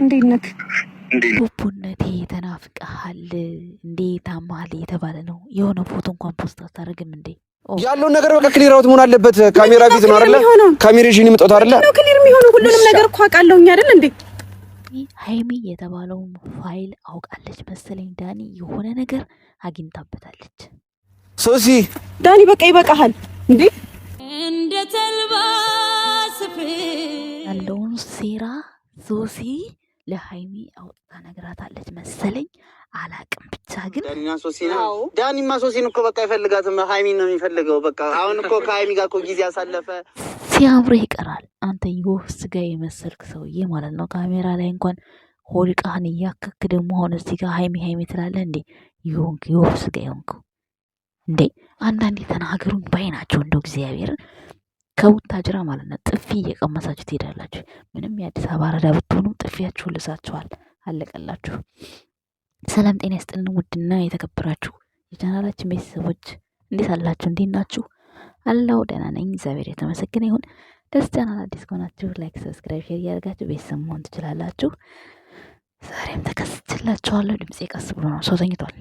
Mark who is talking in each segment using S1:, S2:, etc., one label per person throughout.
S1: እንዴት ነህ? ቡቡነቴ ተናፍቀሃል እንዴ? ታማል የተባለ ነው። የሆነ ፎቶ እንኳን ፖስት አታደርግም እንዴ? ያለውን ነገር በቃ ክሊር አውት መሆን አለበት። ካሜራ ፊት ነው አይደለ? ካሜሬሽን የምጠውት አይደለ? ክሊር የሚሆነው ሁሉንም ነገር እኮ አውቃለሁኝ አይደል እንዴ? ሀይሚ የተባለውን ፋይል አውቃለች መሰለኝ። ዳኒ የሆነ ነገር አግኝታበታለች። ሶሲ ዳኒ በቃ ይበቃሃል እንዴ እንደ ተልባ ሶሲ ለሀይሚ አውጥታ ነግራታለች መሰለኝ፣ አላቅም። ብቻ ግን ዳኒማ ሶሲን እኮ በቃ አይፈልጋትም፣ ሀይሚን ነው የሚፈልገው። በቃ አሁን እኮ ከሀይሚ ጋር እኮ ጊዜ ያሳለፈ ሲያምሮ ይቀራል። አንተ የወፍ ስጋ የመሰልክ ሰውዬ ማለት ነው። ካሜራ ላይ እንኳን ሆድቃህን እያከክ ደግሞ አሁን እዚህ ጋር ሀይሚ ሀይሚ ትላለህ እንዴ? ይሆንክ የወፍ ስጋ ይሆንክ እንዴ? አንዳንዴ ተናገሩን ባይ ናቸው እንደው እግዚአብሔርን ከቡታጅራ ማለት ነው ጥፊ እየቀመሳችሁ ትሄዳላችሁ። ምንም የአዲስ አበባ አራዳ ብትሆኑም ጥፊያችሁን ልሳችኋል። አለቀላችሁ። ሰላም ጤና ይስጥልን። ውድና የተከበራችሁ የቻናላችን ቤተሰቦች እንዴት አላችሁ? እንዴት ናችሁ? አለው ደህና ነኝ፣ እግዚአብሔር የተመሰገነ ይሁን። ደስ ቻናል አዲስ ከሆናችሁ ላይክ፣ ሰብስክራይብ፣ ሼር እያደርጋችሁ ቤተሰብ መሆን ትችላላችሁ። ዛሬም ተከስችላችኋለሁ። ድምፄ ቀስ ብሎ ነው፣ ሰው ተኝቷል።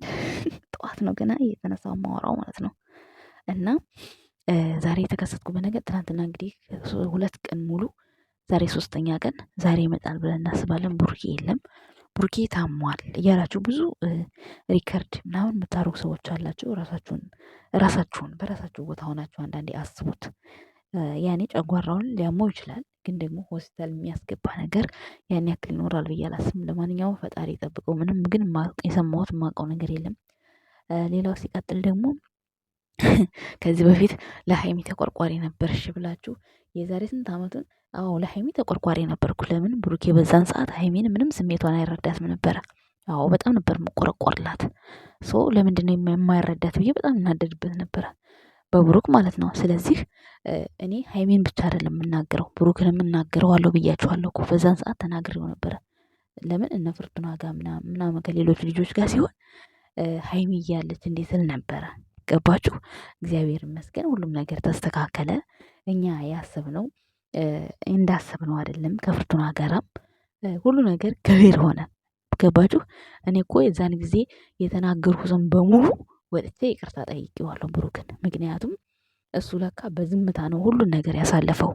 S1: ጠዋት ነው ገና እየተነሳው ማወራው ማለት ነው እና ዛሬ የተከሰትኩበት ነገር ትናንትና እንግዲህ ሁለት ቀን ሙሉ ዛሬ ሶስተኛ ቀን ዛሬ ይመጣል ብለን እናስባለን። ቡርኬ የለም፣ ቡርኬ ታሟል እያላችሁ ብዙ ሪከርድ ምናምን የምታደርጉ ሰዎች አላችሁ። ራሳችሁን ራሳችሁን በራሳችሁ ቦታ ሆናችሁ አንዳንዴ አስቡት። ያኔ ጨጓራውን ሊያመው ይችላል፣ ግን ደግሞ ሆስፒታል የሚያስገባ ነገር ያን ያክል ይኖራል ብዬ አላስብም። ለማንኛውም ፈጣሪ ጠብቀው። ምንም ግን የሰማሁት የማውቀው ነገር የለም። ሌላው ሲቀጥል ደግሞ ከዚህ በፊት ለሀይሚ ተቆርቋሪ ነበርሽ ብላችሁ የዛሬ ስንት ዓመቱን አዎ ለሀይሚ ተቆርቋሪ ነበርኩ። ለምን ብሩኬ በዛን ሰዓት ሀይሚን ምንም ስሜቷን አይረዳትም ነበረ። አዎ በጣም ነበር የምቆረቆርላት። ሶ ለምንድነው የማይረዳት ብዬ በጣም እናደድበት ነበረ በብሩክ ማለት ነው። ስለዚህ እኔ ሀይሚን ብቻ አይደለም የምናገረው ብሩክን የምናገረው አለው ብያችኋለሁ እኮ በዛን ሰዓት ተናግሬው ነበረ። ለምን እነ ፍርቱና ጋር ምናምን ከሌሎች ልጆች ጋር ሲሆን ሀይሚ እያለች እንዴት ስል ነበረ ገባችሁ? እግዚአብሔር ይመስገን ሁሉም ነገር ተስተካከለ። እኛ ያሰብነው እንዳሰብነው አይደለም። ከፍርቱና ጋራም ሁሉ ነገር ገቢር ሆነ። ገባችሁ? እኔ እኮ የዛን ጊዜ የተናገርኩትን በሙሉ ወጥቼ ይቅርታ ጠይቄዋለሁ ብሩክን። ምክንያቱም እሱ ለካ በዝምታ ነው ሁሉን ነገር ያሳለፈው።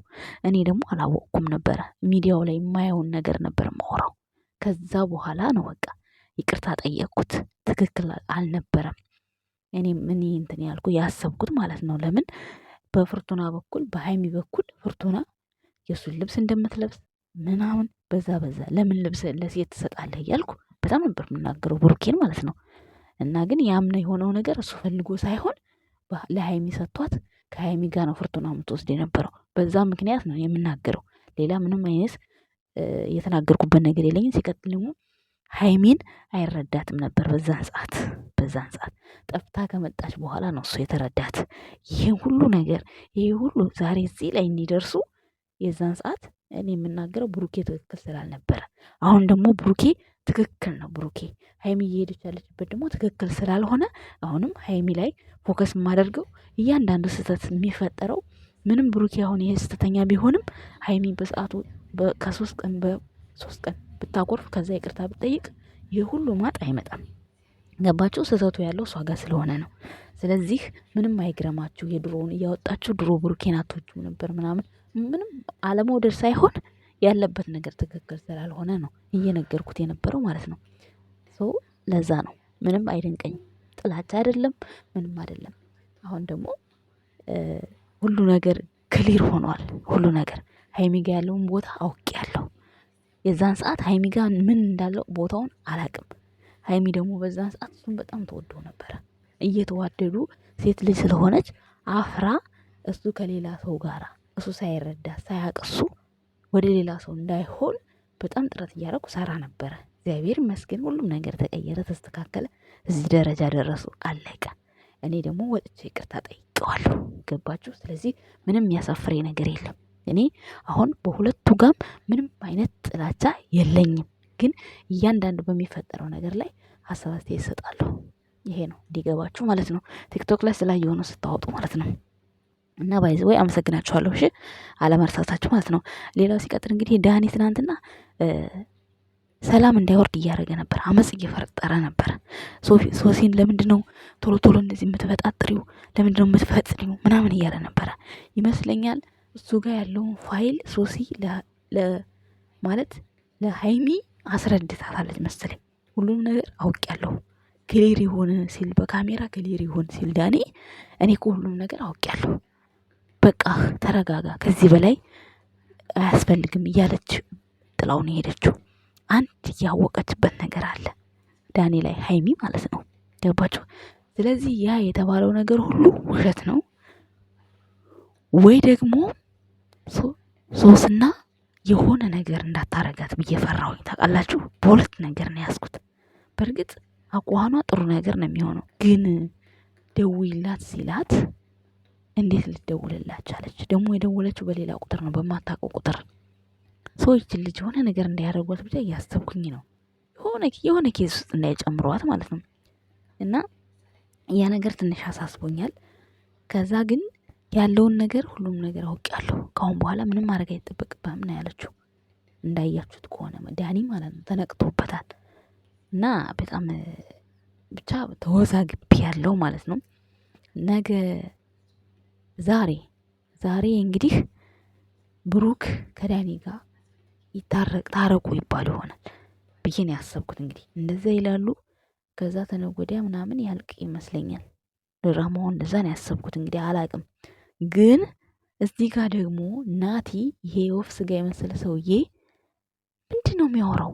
S1: እኔ ደግሞ አላወቅኩም ነበረ። ሚዲያው ላይ የማየውን ነገር ነበር ማውራው። ከዛ በኋላ ነው በቃ ይቅርታ ጠየቅኩት። ትክክል አልነበረም። እኔም እኔ እንትን ያልኩ ያሰብኩት ማለት ነው። ለምን በፍርቱና በኩል በሀይሚ በኩል ፍርቱና የእሱን ልብስ እንደምትለብስ ምናምን በዛ በዛ ለምን ልብስ ለሴት ትሰጣለህ እያልኩ በጣም ነበር የምናገረው ብሩኬን ማለት ነው። እና ግን ያምነ የሆነው ነገር እሱ ፈልጎ ሳይሆን ለሀይሚ ሰጥቷት ከሀይሚ ጋር ነው ፍርቱና የምትወስድ የነበረው። በዛ ምክንያት ነው የምናገረው። ሌላ ምንም አይነት የተናገርኩበት ነገር የለኝም። ሲቀጥል ደግሞ ሀይሜን አይረዳትም ነበር በዛን ሰዓት በዛ ሰዓት ጠፍታ ከመጣች በኋላ ነው እሱ የተረዳት። ይሄ ሁሉ ነገር ይህ ሁሉ ዛሬ እዚህ ላይ እንዲደርሱ የዛን ሰዓት እኔ የምናገረው ብሩኬ ትክክል ስላልነበረ፣ አሁን ደግሞ ብሩኬ ትክክል ነው። ብሩኬ ሀይሚ እየሄደች ያለችበት ደግሞ ትክክል ስላልሆነ አሁንም ሀይሚ ላይ ፎከስ የማደርገው እያንዳንዱ ስህተት የሚፈጠረው ምንም ብሩኬ አሁን ይሄ ስህተተኛ ቢሆንም ሀይሚ በሰዓቱ ከሶስት ቀን በሶስት ቀን ብታቆርፍ ከዛ ይቅርታ ብጠይቅ ይህ ሁሉ ማጥ አይመጣም። ገባችሁ? ስህተቱ ያለው እሷ ጋር ስለሆነ ነው። ስለዚህ ምንም አይግረማችሁ። የድሮውን እያወጣችሁ ድሮ ብሩኬን ነበር ምናምን ምንም አለመውደድ ሳይሆን ያለበት ነገር ትክክል ስላልሆነ ነው እየነገርኩት የነበረው ማለት ነው። ሰው ለዛ ነው ምንም አይደንቀኝም። ጥላቻ አይደለም ምንም አይደለም። አሁን ደግሞ ሁሉ ነገር ክሊር ሆኗል። ሁሉ ነገር ሀይሚጋ ያለውን ቦታ አውቅ ያለው የዛን ሰዓት ሀይሚጋ ምን እንዳለው ቦታውን አላቅም። ሀይሚ ደግሞ በዛ ሰዓት በጣም ተወዶ ነበረ። እየተዋደዱ ሴት ልጅ ስለሆነች አፍራ እሱ ከሌላ ሰው ጋር እሱ ሳይረዳ ሳያቅሱ ወደ ሌላ ሰው እንዳይሆን በጣም ጥረት እያደረኩ ሰራ ነበረ። እግዚአብሔር ይመስገን ሁሉም ነገር ተቀየረ፣ ተስተካከለ፣ እዚህ ደረጃ ደረሱ፣ አለቀ። እኔ ደግሞ ወጥቼ ይቅርታ ጠይቀዋለሁ። ገባችሁ? ስለዚህ ምንም ያሳፍሬ ነገር የለም። እኔ አሁን በሁለቱ ጋም ምንም አይነት ጥላቻ የለኝም። ግን እያንዳንዱ በሚፈጠረው ነገር ላይ ሀሳብ አስተያየት እሰጣለሁ። ይሄ ነው እንዲገባችሁ ማለት ነው። ቲክቶክ ላይ ስላየሁ የሆነው ስታወጡ ማለት ነው። እና ባይ ወይ አመሰግናችኋለሁ። እሺ አለመርሳታችሁ ማለት ነው። ሌላው ሲቀጥል እንግዲህ ዳኒ ትናንትና ሰላም እንዳይወርድ እያደረገ ነበር። አመፅ እየፈጠረ ነበር። ሶሲን ለምንድን ነው ቶሎ ቶሎ እንደዚህ የምትበጣጥሪው? ለምንድን ነው የምትፈጥሪው? ምናምን እያለ ነበረ ይመስለኛል። እሱ ጋር ያለውን ፋይል ሶሲ ማለት ለሀይሚ አስረድታታለች መሰለኝ። ሁሉም ነገር አውቄያለሁ ክሊር ይሁን ሲል በካሜራ ክሊር ይሁን ሲል ዳኒ፣ እኔ እኮ ሁሉም ነገር አውቄያለሁ፣ በቃ ተረጋጋ፣ ከዚህ በላይ አያስፈልግም እያለች ጥላውን የሄደችው አንድ ያወቀችበት ነገር አለ ዳኒ ላይ ሀይሚ ማለት ነው። ገባችሁ? ስለዚህ ያ የተባለው ነገር ሁሉ ውሸት ነው ወይ ደግሞ ሶስና የሆነ ነገር እንዳታረጋት ብዬ ፈራሁኝ። ታውቃላችሁ፣ በሁለት ነገር ነው ያዝኩት። በእርግጥ አቋኗ ጥሩ ነገር ነው የሚሆነው፣ ግን ደውይላት ሲላት እንዴት ልደውልላት ቻለች? ደግሞ የደወለችው በሌላ ቁጥር ነው፣ በማታውቀው ቁጥር። ሰዎች ልጅ የሆነ ነገር እንዳያደርጓት ብቻ እያሰብኩኝ ነው፣ የሆነ ኬስ ውስጥ እንዳይጨምሯት ማለት ነው። እና ያ ነገር ትንሽ አሳስቦኛል። ከዛ ግን ያለውን ነገር ሁሉም ነገር አውቄያለሁ ከአሁን በኋላ ምንም ማድረግ አይጠበቅብህም ነው ያለችው። እንዳያችሁት ከሆነ ዳኒ ማለት ነው ተነቅቶበታል። እና በጣም ብቻ ያለው ማለት ነው። ነገ ዛሬ ዛሬ እንግዲህ ብሩክ ከዳኒ ጋር ይታረቅ ታረቁ ይባል ይሆናል ብዬን ያሰብኩት። እንግዲህ እንደዛ ይላሉ ከዛ ተነጎዳ ምናምን ያልቅ ይመስለኛል። ድራማውን እንደዛ ነው ያሰብኩት። እንግዲህ አላቅም ግን እዚህ ጋር ደግሞ ናቲ ይሄ ወፍ ስጋ የመሰለ ሰውዬ ምንድን ነው የሚያወራው?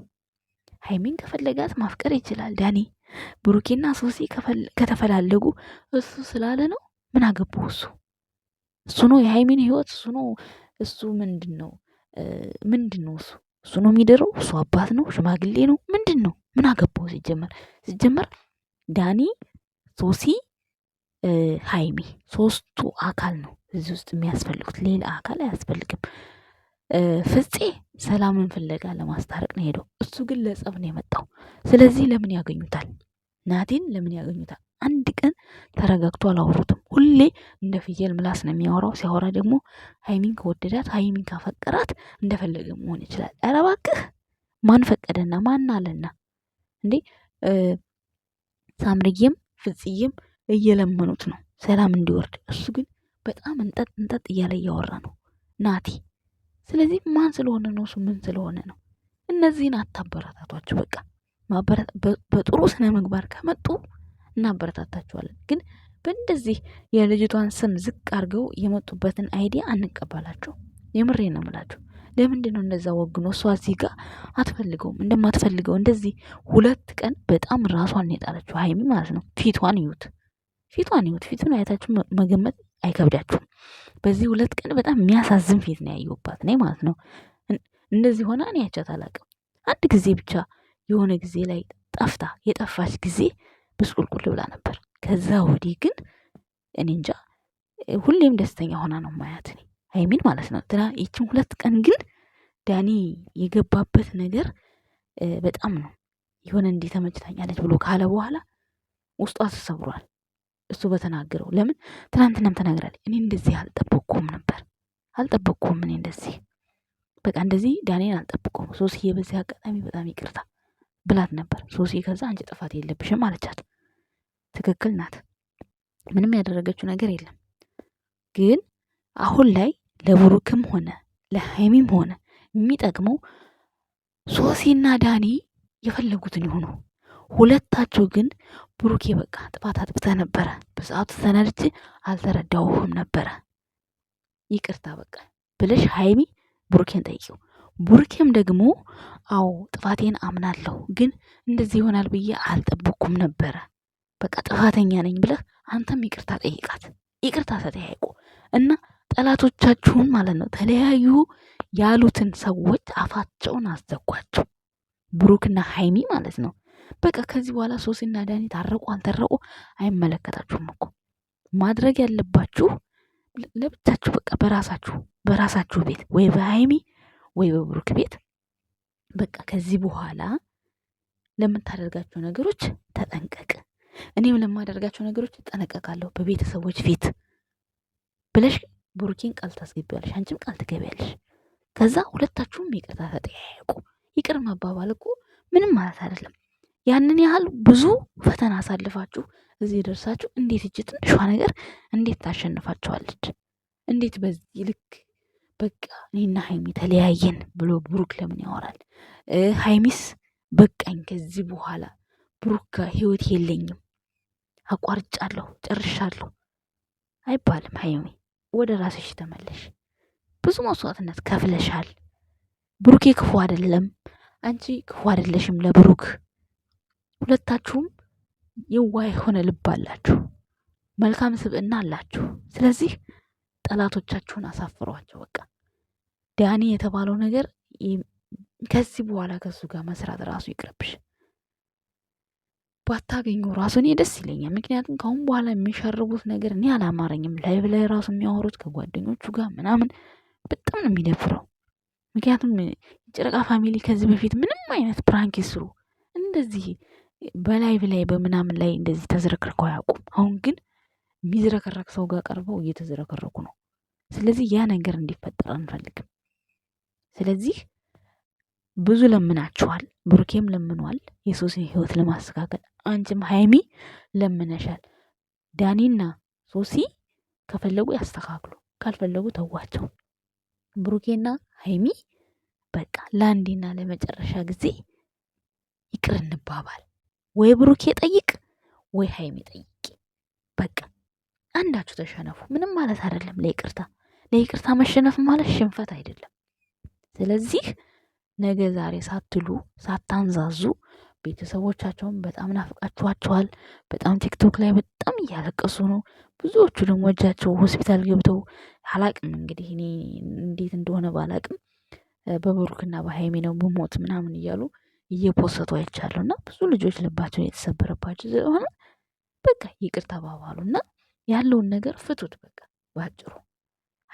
S1: ሀይሚን ከፈለጋት ማፍቀር ይችላል ዳኒ። ብሩኬና ሶሲ ከተፈላለጉ እሱ ስላለ ነው። ምን አገባው እሱ እሱ ነው የሀይሚን ህይወት እሱ ነው እሱ ምንድን ነው ምንድን ነው እሱ እሱ ነው የሚደረው። እሱ አባት ነው ሽማግሌ ነው ምንድን ነው ምን አገባው? ሲጀመር ሲጀመር ዳኒ ሶሲ ሀይሚ ሶስቱ አካል ነው እዚህ ውስጥ የሚያስፈልጉት፣ ሌላ አካል አያስፈልግም። ፍፄ ሰላምን ፍለጋ ለማስታረቅ ነው ሄደው፣ እሱ ግን ለጸብ ነው የመጣው። ስለዚህ ለምን ያገኙታል? ናቲን ለምን ያገኙታል? አንድ ቀን ተረጋግቶ አላወሩትም። ሁሌ እንደ ፍየል ምላስ ነው የሚያወራው። ሲያወራ ደግሞ ሀይሚን ከወደዳት ሀይሚን ካፈቀራት እንደፈለገ መሆን ይችላል። ኧረ እባክህ ማን ፈቀደና ማን አለና እንዴ? ሳምርዬም ፍጽዬም እየለመኑት ነው ሰላም እንዲወርድ። እሱ ግን በጣም እንጠጥ እንጠጥ እያለ እያወራ ነው ናቲ። ስለዚህ ማን ስለሆነ ነው እሱ ምን ስለሆነ ነው? እነዚህን አታበረታቷቸው። በቃ በጥሩ ስነ ምግባር ከመጡ እናበረታታችኋለን። ግን በእንደዚህ የልጅቷን ስም ዝቅ አድርገው የመጡበትን አይዲያ አንቀበላቸው። የምሬ ነው የምላቸው። ለምንድን ነው እንደዛ ወግኖ እሷ እዚህ ጋር አትፈልገውም እንደማትፈልገው እንደዚህ ሁለት ቀን በጣም ራሷን የጣለችው ሀይሚ ማለት ነው። ፊቷን እዩት። ፊቷን ይሁት ፊቱን አይታችሁ መገመት አይከብዳችሁም። በዚህ ሁለት ቀን በጣም የሚያሳዝን ፊት ነው ያየሁባት እኔ ማለት ነው። እንደዚህ ሆና እኔ አይቻት አላውቅም። አንድ ጊዜ ብቻ የሆነ ጊዜ ላይ ጠፍታ የጠፋች ጊዜ ብስቁልቁል ብላ ነበር። ከዛ ወዲህ ግን እኔ እንጃ ሁሌም ደስተኛ ሆና ነው ማያት እኔ አይሚን ማለት ነው። ትና ይችን ሁለት ቀን ግን ዳኒ የገባበት ነገር በጣም ነው የሆነ እንዲህ ተመችታኛለች ብሎ ካለ በኋላ ውስጧ ተሰብሯል። እሱ በተናገረው ለምን ትናንትናም ተናግራለች። እኔ እንደዚህ አልጠበቅኩም ነበር አልጠበቅኩም። እኔ እንደዚህ በቃ እንደዚህ ዳኔን አልጠብቀውም። ሶስዬ በዚህ አጋጣሚ በጣም ይቅርታ ብላት ነበር ሶስዬ። ከዛ አንቺ ጥፋት የለብሽም አለቻት። ትክክል ናት። ምንም ያደረገችው ነገር የለም። ግን አሁን ላይ ለብሩክም ሆነ ለሀይሚም ሆነ የሚጠቅመው ሶሲና ዳኒ የፈለጉትን ይሆኑ። ሁለታችሁ ግን ብሩኬ በቃ ጥፋት አጥፍተ ነበረ። በሰዓቱ ተነድጅ አልተረዳውም ነበረ ይቅርታ በቃ ብለሽ ሀይሚ ብሩኬን ጠይቂው። ብሩኬም ደግሞ አዎ ጥፋቴን አምናለሁ፣ ግን እንደዚህ ይሆናል ብዬ አልጠበኩም ነበረ። በቃ ጥፋተኛ ነኝ ብለህ አንተም ይቅርታ ጠይቃት። ይቅርታ ተጠያይቁ እና ጠላቶቻችሁን ማለት ነው ተለያዩ ያሉትን ሰዎች አፋቸውን አዘጓቸው። ብሩክና ሀይሚ ማለት ነው በቃ ከዚህ በኋላ ሶሲና ዳኒ ታረቁ አልተረቁ አይመለከታችሁም እኮ ማድረግ ያለባችሁ ለብቻችሁ በቃ በራሳችሁ በራሳችሁ ቤት ወይ በሀይሚ ወይ በብሩክ ቤት በቃ ከዚህ በኋላ ለምታደርጋቸው ነገሮች ተጠንቀቅ። እኔም ለማደርጋቸው ነገሮች እጠነቀቃለሁ በቤተሰቦች ፊት ብለሽ ብሩኬን ቃል ታስገቢያለሽ፣ አንቺም ቃል ትገቢያለሽ። ከዛ ሁለታችሁም ይቅርታ ተጠያየቁ። ይቅር መባባል እኮ ምንም ማለት አይደለም። ያንን ያህል ብዙ ፈተና አሳልፋችሁ እዚህ ደርሳችሁ እንዴት እጅ ትንሿ ነገር እንዴት ታሸንፋችኋለች? እንዴት በዚህ ልክ በቃ እኔና ሀይሚ ተለያየን ብሎ ብሩክ ለምን ያወራል? ሀይሚስ በቃኝ ከዚህ በኋላ ብሩክ ጋር ህይወት የለኝም አቋርጫለሁ፣ ጨርሻለሁ አይባልም። ሀይሚ ወደ ራስሽ ተመለሽ። ብዙ መስዋዕትነት ከፍለሻል። ብሩኬ ክፉ አይደለም፣ አንቺ ክፉ አይደለሽም ለብሩክ ሁለታችሁም የዋ የሆነ ልብ አላችሁ፣ መልካም ስብዕና አላችሁ። ስለዚህ ጠላቶቻችሁን አሳፍሯቸው። በቃ ዳኒ የተባለው ነገር ከዚህ በኋላ ከሱ ጋር መስራት ራሱ ይቅርብሽ። ባታገኙ ራሱ እኔ ደስ ይለኛል። ምክንያቱም ከአሁን በኋላ የሚሸርቡት ነገር እኔ አላማረኝም። ላይ ብላይ ራሱ የሚያወሩት ከጓደኞቹ ጋር ምናምን በጣም ነው የሚደፍረው ምክንያቱም የጨረቃ ፋሚሊ ከዚህ በፊት ምንም አይነት ፕራንክ ይስሩ እንደዚህ በላይ ላይ በምናምን ላይ እንደዚህ ተዝረክርከው አያውቁም። አሁን ግን የሚዝረከረክ ሰው ጋር ቀርበው እየተዝረከረኩ ነው። ስለዚህ ያ ነገር እንዲፈጠር አንፈልግም። ስለዚህ ብዙ ለምናችኋል፣ ብሩኬም ለምኗል የሶስን ህይወት ለማስተካከል አንቺም ሀይሚ ለምነሻል። ዳኒና ሶሲ ከፈለጉ ያስተካክሉ፣ ካልፈለጉ ተዋቸው። ብሩኬና ሀይሚ በቃ ለአንዴና ለመጨረሻ ጊዜ ይቅር እንባባል። ወይ ብሩኬ ጠይቅ ወይ ሀይሜ ጠይቂ። በቃ አንዳችሁ ተሸነፉ። ምንም ማለት አይደለም ለይቅርታ ለይቅርታ መሸነፍ ማለት ሽንፈት አይደለም። ስለዚህ ነገ ዛሬ ሳትሉ ሳታንዛዙ ቤተሰቦቻቸውን በጣም ናፍቃችኋቸዋል። በጣም ቲክቶክ ላይ በጣም እያለቀሱ ነው። ብዙዎቹ ደግሞ እጃቸው ሆስፒታል ገብተው አላቅም እንግዲህ እኔ እንዴት እንደሆነ ባላቅም በብሩክና በሀይሜ ነው ብሞት ምናምን እያሉ እየፖሰቱ አይቻለሁ እና ብዙ ልጆች ልባቸውን የተሰበረባቸው ስለሆነ በቃ ይቅር ተባባሉ እና ያለውን ነገር ፍቱት። በቃ ባጭሩ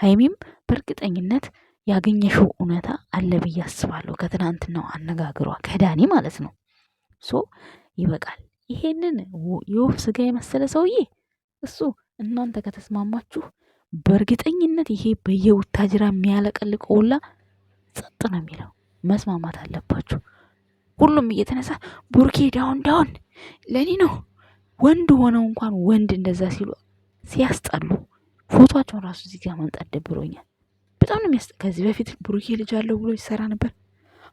S1: ሀይሚም በእርግጠኝነት ያገኘሽው እውነታ አለ ብዬ አስባለሁ። ከትናንትናው አነጋግሯ ከዳኒ ማለት ነው። ሶ ይበቃል። ይሄንን የወፍ ስጋ የመሰለ ሰውዬ እሱ እናንተ ከተስማማችሁ በእርግጠኝነት ይሄ በየውታጅራ የሚያለቀልቀውላ ጸጥ ነው የሚለው። መስማማት አለባችሁ። ሁሉም እየተነሳ ቡርኬ ዳውን ዳውን ለእኔ ነው። ወንድ ሆነው እንኳን ወንድ እንደዛ ሲሉ ሲያስጠሉ ፎቶቸውን ራሱ እዚህ ጋር ማምጣት ደብሮኛል። በጣም ነው የሚያስጠ ከዚህ በፊት ቡርኬ ልጅ አለው ብሎ ሲሰራ ነበር።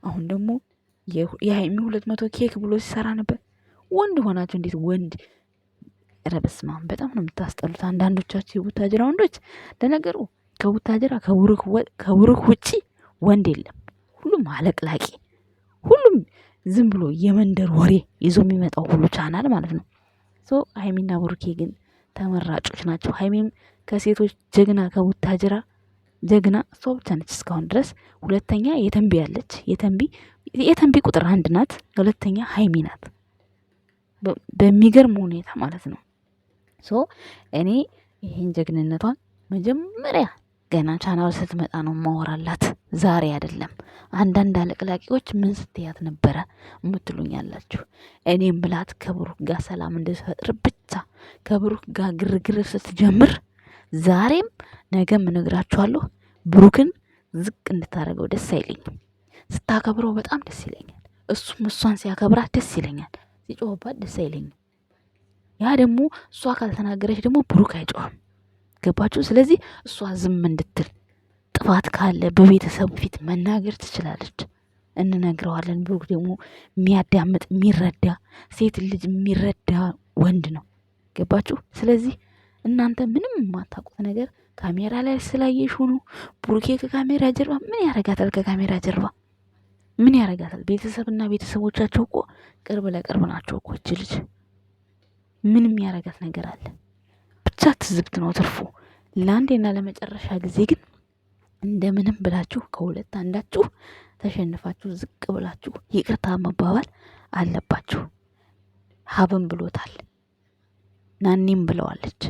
S1: አሁን ደግሞ የሀይሚ ሁለት መቶ ኬክ ብሎ ሲሰራ ነበር። ወንድ ሆናቸው እንዴት ወንድ ረበስማም በጣም ነው የምታስጠሉት። አንዳንዶቻቸው የቡታጅራ ወንዶች ለነገሩ ከቡታጅራ ከቡርክ ውጪ ወንድ የለም። ሁሉም አለቅላቂ፣ ሁሉም ዝም ብሎ የመንደር ወሬ ይዞ የሚመጣው ሁሉ ቻናል ማለት ነው። ሶ ሀይሚና ብሩኬ ግን ተመራጮች ናቸው። ሀይሚም ከሴቶች ጀግና ከቡታጅራ ጀግና እሷ ብቻ ነች እስካሁን ድረስ። ሁለተኛ የተንቢ ያለች የተንቢ የተንቢ ቁጥር አንድ ናት። ሁለተኛ ሀይሚ ናት በሚገርም ሁኔታ ማለት ነው። ሶ እኔ ይህን ጀግንነቷን መጀመሪያ ገና ቻናል ስትመጣ ነው ማወራላት፣ ዛሬ አይደለም። አንዳንድ አለቅላቂዎች ምን ስትያት ነበረ የምትሉኛላችሁ። እኔም ብላት ከብሩክ ጋር ሰላም እንድትፈጥር ብቻ ከብሩክ ጋር ግርግር ስትጀምር ዛሬም ነገም እነግራችኋለሁ፣ ብሩክን ዝቅ እንድታደርገው ደስ አይለኝም። ስታከብረው በጣም ደስ ይለኛል። እሱም እሷን ሲያከብራት ደስ ይለኛል። ሲጮህባት ደስ አይለኝም። ያ ደግሞ እሷ ካልተናገረች ደግሞ ብሩክ አይጮህም። ገባችሁ? ስለዚህ እሷ ዝም እንድትል ጥፋት ካለ በቤተሰቡ ፊት መናገር ትችላለች፣ እንነግረዋለን። ብሩክ ደግሞ የሚያዳምጥ የሚረዳ ሴት ልጅ የሚረዳ ወንድ ነው። ገባችሁ? ስለዚህ እናንተ ምንም የማታውቁት ነገር ካሜራ ላይ ስላየሽ ሆኖ ብሩኬ ከካሜራ ጀርባ ምን ያረጋታል? ከካሜራ ጀርባ ምን ያረጋታል? ቤተሰብና ቤተሰቦቻቸው እኮ ቅርብ ለቅርብ ናቸው እኮ እች ልጅ ምንም ያረጋት ነገር አለ? ብቻ ትዝብት ነው ትርፉ። ለአንዴና ለመጨረሻ ጊዜ ግን እንደምንም ብላችሁ ከሁለት አንዳችሁ ተሸንፋችሁ ዝቅ ብላችሁ ይቅርታ መባባል አለባችሁ። ሀብም ብሎታል፣ ናኒም ብለዋለች።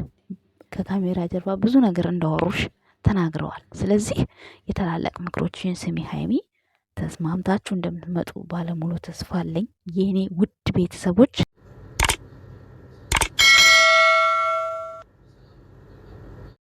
S1: ከካሜራ ጀርባ ብዙ ነገር እንዳወሩሽ ተናግረዋል። ስለዚህ የታላላቅ ምክሮችን ስሚ ሀይሚ፣ ተስማምታችሁ እንደምትመጡ ባለሙሉ ተስፋ አለኝ የእኔ ውድ ቤተሰቦች።